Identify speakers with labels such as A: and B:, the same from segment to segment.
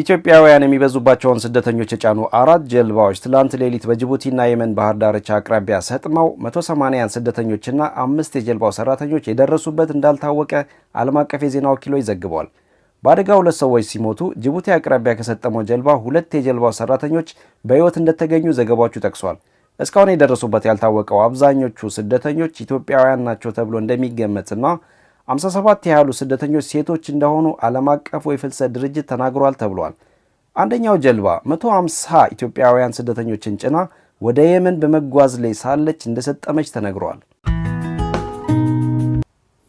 A: ኢትዮጵያውያን የሚበዙባቸውን ስደተኞች የጫኑ አራት ጀልባዎች ትላንት ሌሊት በጅቡቲና የመን ባህር ዳርቻ አቅራቢያ ሰጥመው 180 ስደተኞችና አምስት የጀልባው ሰራተኞች የደረሱበት እንዳልታወቀ ዓለም አቀፍ የዜና ወኪሎች ዘግበዋል። በአደጋ ሁለት ሰዎች ሲሞቱ ጅቡቲ አቅራቢያ ከሰጠመው ጀልባ ሁለት የጀልባው ሰራተኞች በሕይወት እንደተገኙ ዘገባዎቹ ጠቅሷል። እስካሁን የደረሱበት ያልታወቀው አብዛኞቹ ስደተኞች ኢትዮጵያውያን ናቸው ተብሎ እንደሚገመትና 57 ያህሉ ስደተኞች ሴቶች እንደሆኑ ዓለም አቀፉ የፍልሰት ድርጅት ተናግሯል ተብሏል። አንደኛው ጀልባ 150 ኢትዮጵያውያን ስደተኞችን ጭና ወደ የመን በመጓዝ ላይ ሳለች እንደሰጠመች ተነግሯል።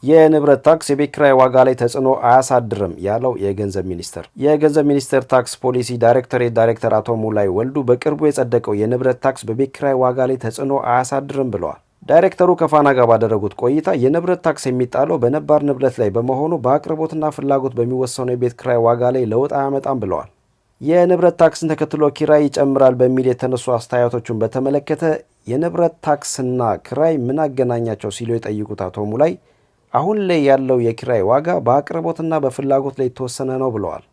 B: የንብረት ታክስ የቤት ኪራይ ዋጋ ላይ ተጽዕኖ አያሳድርም ያለው የገንዘብ ሚኒስቴር የገንዘብ ሚኒስቴር ታክስ ፖሊሲ ዳይሬክቶሬት ዳይሬክተር አቶ ሙላይ ወልዱ በቅርቡ የጸደቀው የንብረት ታክስ በቤት ኪራይ ዋጋ ላይ ተጽዕኖ አያሳድርም ብለዋል። ዳይሬክተሩ ከፋና ጋር ባደረጉት ቆይታ የንብረት ታክስ የሚጣለው በነባር ንብረት ላይ በመሆኑ በአቅርቦትና ፍላጎት በሚወሰነው የቤት ክራይ ዋጋ ላይ ለውጥ አያመጣም ብለዋል። የንብረት ታክስን ተከትሎ ኪራይ ይጨምራል በሚል የተነሱ አስተያየቶቹን በተመለከተ የንብረት ታክስና ክራይ ምን አገናኛቸው ሲሉ የጠይቁት አቶ ሙላይ አሁን ላይ ያለው የኪራይ ዋጋ በአቅርቦትና በፍላጎት ላይ የተወሰነ ነው ብለዋል።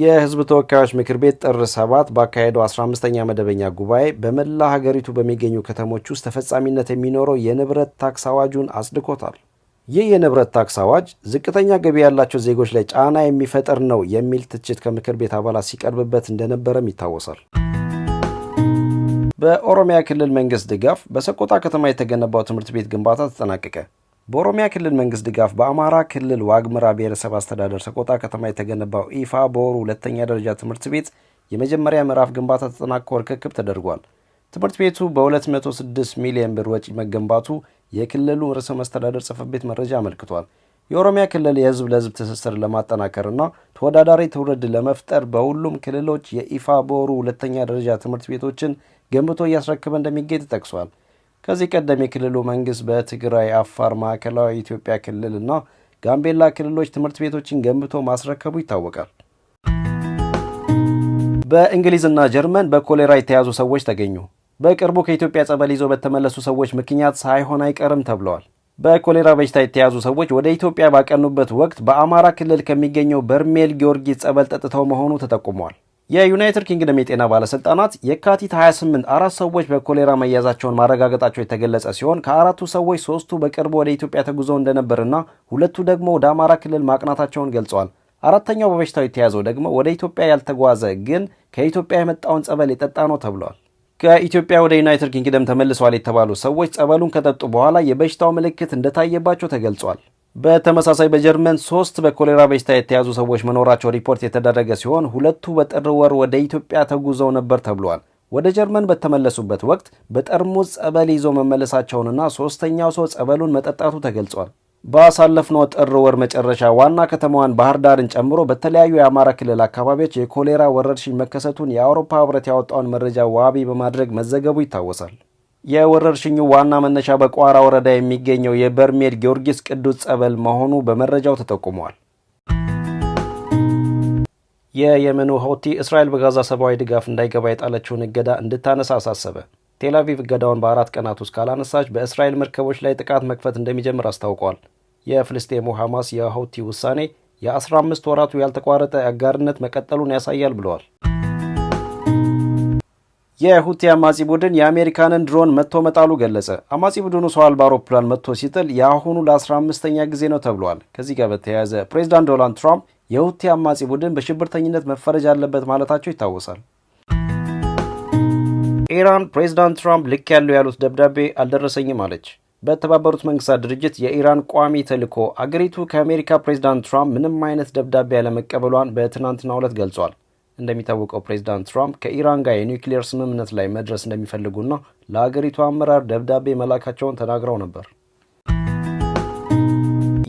B: የህዝብ ተወካዮች ምክር ቤት ጥር 7 ባካሄደው 15ኛ መደበኛ ጉባኤ በመላ ሀገሪቱ በሚገኙ ከተሞች ውስጥ ተፈጻሚነት የሚኖረው የንብረት ታክስ አዋጁን አጽድቆታል። ይህ የንብረት ታክስ አዋጅ ዝቅተኛ ገቢ ያላቸው ዜጎች ላይ ጫና የሚፈጥር ነው የሚል ትችት ከምክር ቤት አባላት ሲቀርብበት እንደነበረም ይታወሳል።
C: በኦሮሚያ ክልል መንግስት ድጋፍ በሰቆጣ ከተማ የተገነባው ትምህርት ቤት ግንባታ ተጠናቀቀ። በኦሮሚያ ክልል መንግስት ድጋፍ በአማራ ክልል ዋግምራ ብሔረሰብ አስተዳደር ሰቆጣ ከተማ የተገነባው ኢፋ በወሩ ሁለተኛ ደረጃ ትምህርት ቤት የመጀመሪያ ምዕራፍ ግንባታ ተጠናቆ ርክክብ ተደርጓል። ትምህርት ቤቱ በ206 ሚሊዮን ብር ወጪ መገንባቱ የክልሉ ርዕሰ መስተዳደር ጽሕፈት ቤት መረጃ አመልክቷል። የኦሮሚያ ክልል የህዝብ ለህዝብ ትስስር ለማጠናከርና ተወዳዳሪ ትውልድ ለመፍጠር በሁሉም ክልሎች የኢፋ ቦሩ ሁለተኛ ደረጃ ትምህርት ቤቶችን ገንብቶ እያስረክበ እንደሚገኝ ተጠቅሷል። ከዚህ ቀደም የክልሉ መንግስት በትግራይ፣ አፋር፣ ማዕከላዊ ኢትዮጵያ ክልልና ጋምቤላ ክልሎች ትምህርት ቤቶችን ገንብቶ ማስረከቡ ይታወቃል። በእንግሊዝና ጀርመን በኮሌራ የተያዙ ሰዎች ተገኙ። በቅርቡ ከኢትዮጵያ ጸበል ይዘው በተመለሱ ሰዎች ምክንያት ሳይሆን አይቀርም ተብለዋል። በኮሌራ በሽታ የተያዙ ሰዎች ወደ ኢትዮጵያ ባቀኑበት ወቅት በአማራ ክልል ከሚገኘው በርሜል ጊዮርጊስ ጸበል ጠጥተው መሆኑ ተጠቁመዋል። የዩናይትድ ኪንግደም የጤና ባለስልጣናት የካቲት 28 አራት ሰዎች በኮሌራ መያዛቸውን ማረጋገጣቸው የተገለጸ ሲሆን ከአራቱ ሰዎች ሶስቱ በቅርቡ ወደ ኢትዮጵያ ተጉዘው እንደነበርና ሁለቱ ደግሞ ወደ አማራ ክልል ማቅናታቸውን ገልጸዋል። አራተኛው በበሽታው የተያዘው ደግሞ ወደ ኢትዮጵያ ያልተጓዘ ግን ከኢትዮጵያ የመጣውን ጸበል የጠጣ ነው ተብሏል። ከኢትዮጵያ ወደ ዩናይትድ ኪንግደም ተመልሰዋል የተባሉ ሰዎች ጸበሉን ከጠጡ በኋላ የበሽታው ምልክት እንደታየባቸው ተገልጿል። በተመሳሳይ በጀርመን ሶስት በኮሌራ በሽታ የተያዙ ሰዎች መኖራቸው ሪፖርት የተደረገ ሲሆን ሁለቱ በጥር ወር ወደ ኢትዮጵያ ተጉዘው ነበር ተብሏል። ወደ ጀርመን በተመለሱበት ወቅት በጠርሙዝ ጸበል ይዞ መመለሳቸውንና ሶስተኛው ሰው ጸበሉን መጠጣቱ ተገልጿል። ባሳለፍነው ጥር ወር መጨረሻ ዋና ከተማዋን ባህር ዳርን ጨምሮ በተለያዩ የአማራ ክልል አካባቢዎች የኮሌራ ወረርሽኝ መከሰቱን የአውሮፓ ሕብረት ያወጣውን መረጃ ዋቢ በማድረግ መዘገቡ ይታወሳል። የወረርሽኙ ዋና መነሻ በቋራ ወረዳ የሚገኘው የበርሜል ጊዮርጊስ ቅዱስ ጸበል መሆኑ በመረጃው ተጠቁሟል።
D: የየመኑ ሆቲ እስራኤል በጋዛ ሰብአዊ ድጋፍ እንዳይገባ የጣለችውን እገዳ እንድታነሳ አሳሰበ። ቴል አቪቭ እገዳውን በአራት ቀናት ውስጥ ካላነሳች በእስራኤል መርከቦች ላይ ጥቃት መክፈት እንደሚጀምር አስታውቋል። የፍልስጤሙ ሐማስ የሆቲ ውሳኔ የ15 ወራቱ ያልተቋረጠ አጋርነት መቀጠሉን ያሳያል ብለዋል። የሁቲ አማጺ ቡድን የአሜሪካንን ድሮን መጥቶ መጣሉ ገለጸ። አማጺ ቡድኑ ሰው አልባ አውሮፕላን መጥቶ ሲጥል የአሁኑ ለ15ኛ ጊዜ ነው ተብሏል። ከዚህ ጋር በተያያዘ ፕሬዚዳንት ዶናልድ ትራምፕ የሁቲ አማጺ ቡድን በሽብርተኝነት መፈረጅ አለበት ማለታቸው ይታወሳል። ኢራን ፕሬዚዳንት ትራምፕ ልክ ያለው ያሉት ደብዳቤ አልደረሰኝም አለች። በተባበሩት መንግስታት ድርጅት የኢራን ቋሚ ተልዕኮ አገሪቱ ከአሜሪካ ፕሬዚዳንት ትራምፕ ምንም አይነት ደብዳቤ ያለመቀበሏን በትናንትናው ዕለት ገልጿል። እንደሚታወቀው ፕሬዚዳንት ትራምፕ ከኢራን ጋር የኒውክሌር ስምምነት ላይ መድረስ እንደሚፈልጉና ለአገሪቱ አመራር ደብዳቤ መላካቸውን ተናግረው ነበር።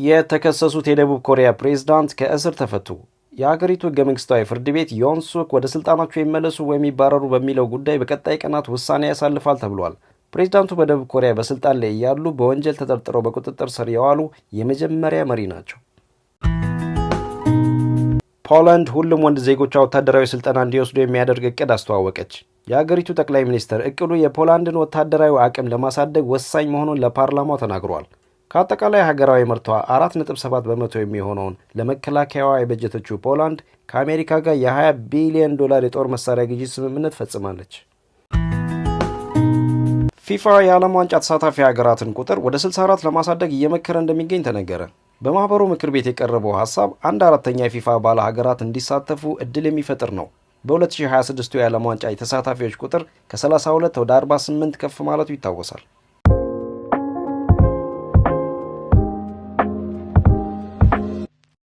D: የተከሰሱት የደቡብ ኮሪያ ፕሬዝዳንት ከእስር ተፈቱ። የአገሪቱ ህገ መንግስታዊ ፍርድ ቤት ዮንሱክ ወደ ስልጣናቸው ይመለሱ ወይም ይባረሩ በሚለው ጉዳይ በቀጣይ ቀናት ውሳኔ ያሳልፋል ተብሏል። ፕሬዝዳንቱ በደቡብ ኮሪያ በስልጣን ላይ እያሉ በወንጀል ተጠርጥረው በቁጥጥር ስር የዋሉ የመጀመሪያ መሪ ናቸው። ፖላንድ ሁሉም ወንድ ዜጎቿ ወታደራዊ ስልጠና እንዲወስዱ የሚያደርግ እቅድ አስተዋወቀች። የአገሪቱ ጠቅላይ ሚኒስትር እቅዱ የፖላንድን ወታደራዊ አቅም ለማሳደግ ወሳኝ መሆኑን ለፓርላማው ተናግሯል። ከአጠቃላይ ሀገራዊ ምርቷ 4.7 በመቶ የሚሆነውን ለመከላከያዋ የበጀተችው ፖላንድ ከአሜሪካ ጋር የ20 ቢሊዮን ዶላር የጦር መሳሪያ ግዢ ስምምነት ፈጽማለች። ፊፋ የዓለም ዋንጫ ተሳታፊ ሀገራትን ቁጥር ወደ 64 ለማሳደግ እየመከረ እንደሚገኝ ተነገረ። በማህበሩ ምክር ቤት የቀረበው ሐሳብ አንድ አራተኛ የፊፋ አባል ሀገራት እንዲሳተፉ እድል የሚፈጥር ነው። በ2026 የዓለም ዋንጫ የተሳታፊዎች ቁጥር ከ32 ወደ 48 ከፍ ማለቱ ይታወሳል።